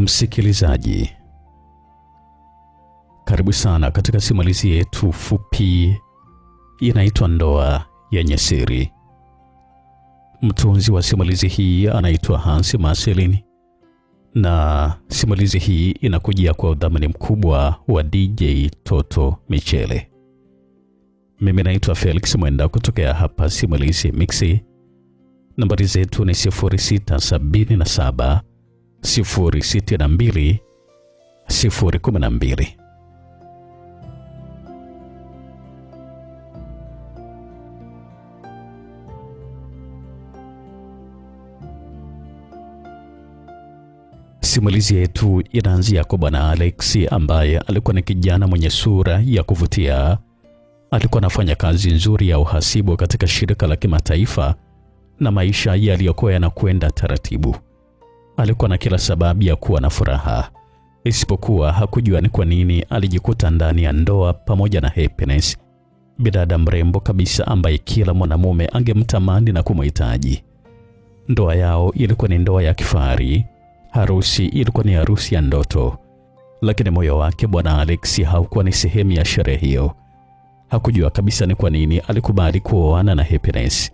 Msikilizaji, karibu sana katika simulizi yetu fupi inaitwa Ndoa Yenye Siri. Mtunzi wa simulizi hii anaitwa Hans Marcelin na simulizi hii inakujia kwa udhamini mkubwa wa DJ Toto Michele. Mimi naitwa Felix Mwenda kutokea hapa Simulizi Mixi. Nambari zetu ni Simulizi yetu inaanzia kwa Bwana alexi ambaye alikuwa ni kijana mwenye sura ya kuvutia. Alikuwa anafanya kazi nzuri ya uhasibu katika shirika la kimataifa na maisha yaliyokuwa yanakwenda taratibu alikuwa na kila sababu ya kuwa na furaha, isipokuwa hakujua ni kwa nini alijikuta ndani ya ndoa pamoja na Happiness, bidada mrembo kabisa ambaye kila mwanamume angemtamani na kumhitaji. Ndoa yao ilikuwa ni ndoa ya kifahari, harusi ilikuwa ni harusi ya ndoto, lakini moyo wake Bwana Alex haukuwa ni sehemu ya sherehe hiyo. Hakujua kabisa ni kwa nini alikubali kuoana na Happiness.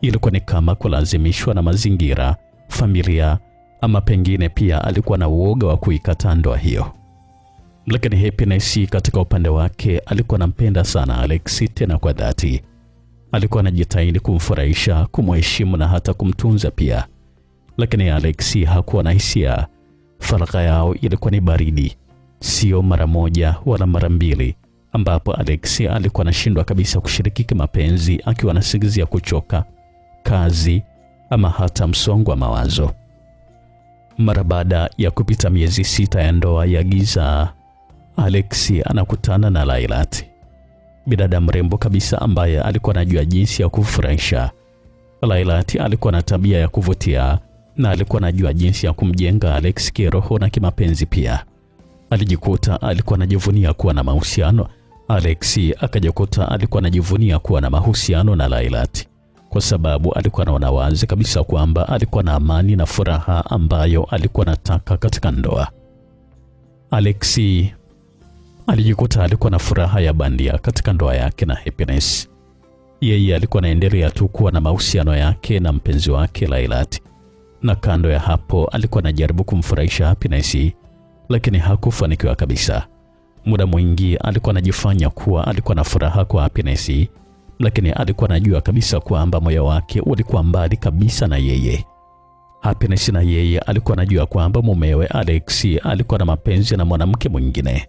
Ilikuwa ni kama kulazimishwa na mazingira, familia ama pengine pia alikuwa na uoga wa kuikataa ndoa hiyo. Lakini Happiness katika upande wake alikuwa anampenda sana Alex, tena kwa dhati. Alikuwa anajitahidi kumfurahisha, kumheshimu na hata kumtunza pia, lakini Alex hakuwa na hisia. Faragha yao ilikuwa ni baridi, sio mara moja wala mara mbili ambapo Alex alikuwa anashindwa kabisa kushiriki kimapenzi akiwa anasingizia kuchoka, kazi ama hata msongo wa mawazo. Mara baada ya kupita miezi sita ya ndoa ya giza, Alexi anakutana na Lailat, bidada mrembo kabisa ambaye alikuwa anajua jinsi ya kufurahisha. Lailat alikuwa na tabia ya kuvutia na alikuwa anajua jinsi ya kumjenga Alex kiroho na kimapenzi pia. Alijikuta alikuwa anajivunia kuwa na mahusiano Alexi akajikuta alikuwa anajivunia kuwa na mahusiano na lailati kwa sababu alikuwa anaona wazi kabisa kwamba alikuwa na amani na furaha ambayo alikuwa anataka katika ndoa. Alexi alijikuta alikuwa na furaha ya bandia katika ndoa yake na Happiness. Yeye alikuwa anaendelea tu kuwa na mahusiano yake na mpenzi wake Lailati, na kando ya hapo alikuwa anajaribu kumfurahisha Happiness, lakini hakufanikiwa kabisa. Muda mwingi alikuwa anajifanya kuwa alikuwa na furaha kwa Happiness lakini alikuwa anajua kabisa kwamba moyo wake ulikuwa mbali kabisa na yeye. Happiness na yeye alikuwa anajua kwamba mumewe Alex alikuwa na mapenzi na mwanamke mwingine,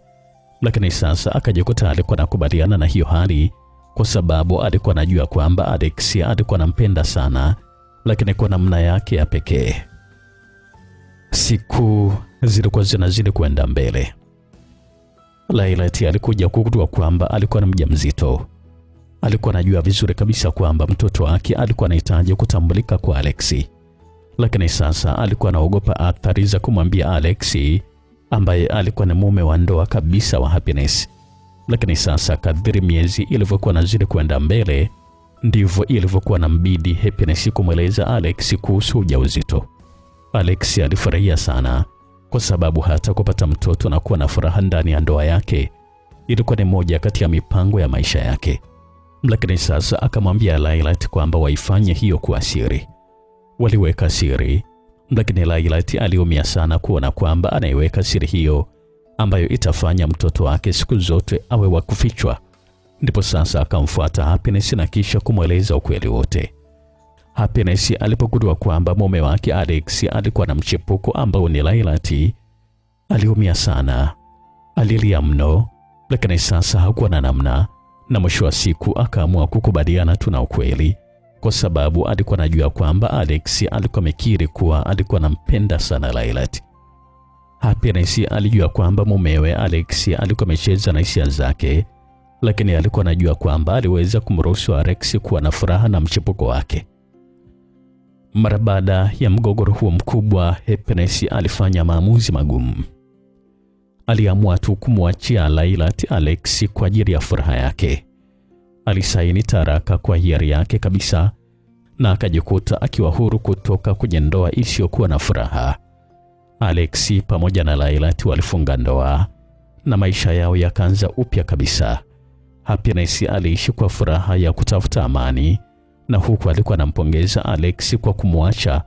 lakini sasa akajikuta alikuwa anakubaliana na hiyo hali kwa sababu alikuwa anajua kwamba Alex alikuwa anampenda sana, lakini kwa namna yake ya pekee. Siku zilikuwa zinazidi kwenda mbele. Lailati alikuja kugundua kwamba alikuwa na mjamzito alikuwa anajua vizuri kabisa kwamba mtoto wake alikuwa anahitaji kutambulika kwa Alexi, lakini sasa alikuwa anaogopa athari za kumwambia Alexi, ambaye alikuwa ni mume wa ndoa kabisa wa Happiness. Lakini sasa kadiri miezi ilivyokuwa nazidi kwenda mbele, ndivyo ilivyokuwa na mbidi Happiness kumweleza Alexi kuhusu ujauzito. Alexi alifurahia sana kwa sababu hata kupata mtoto na kuwa na furaha ndani ya ndoa yake ilikuwa ni moja kati ya mipango ya maisha yake. Lakini sasa akamwambia Lailat kwamba waifanye hiyo kwa siri. Waliweka siri, lakini Lailat aliumia sana kuona kwamba anaiweka siri hiyo ambayo itafanya mtoto wake siku zote awe wa kufichwa. Ndipo sasa akamfuata Happiness na kisha kumweleza ukweli wote. Happiness alipogundua kwamba mume wake Alex alikuwa na mchepuko ambao ni Lailati, aliumia sana, alilia mno, lakini sasa hakuwa na namna na mwisho wa siku akaamua kukubaliana tu na ukweli, kwa sababu alikuwa anajua kwamba Alex alikuwa amekiri kuwa alikuwa anampenda sana Lailat. Happiness alijua kwamba mumewe Alex alikuwa amecheza na hisia zake, lakini alikuwa anajua kwamba aliweza kumruhusu Alex kuwa na furaha na mchepuko wake. Mara baada ya mgogoro huo mkubwa, Happiness alifanya maamuzi magumu aliamua tu kumwachia Lailat Alex kwa ajili ya furaha yake. Alisaini taraka kwa hiari yake kabisa na akajikuta akiwa huru kutoka kwenye ndoa isiyokuwa na furaha. Alex pamoja na Lailat walifunga ndoa na maisha yao yakaanza upya kabisa. Happiness aliishi kwa furaha ya kutafuta amani, na huku alikuwa anampongeza Alex kwa kumwacha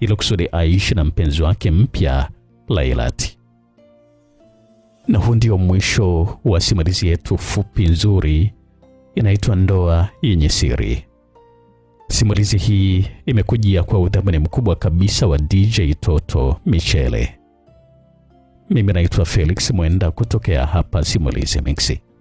ili kusudi aishi na mpenzi wake mpya Lailat. Na huu ndio mwisho wa simulizi yetu fupi nzuri inaitwa Ndoa Yenye Siri. Simulizi hii imekujia kwa udhamini mkubwa kabisa wa DJ Toto Michele. Mimi naitwa Felix Mwenda kutokea hapa Simulizi Mixi.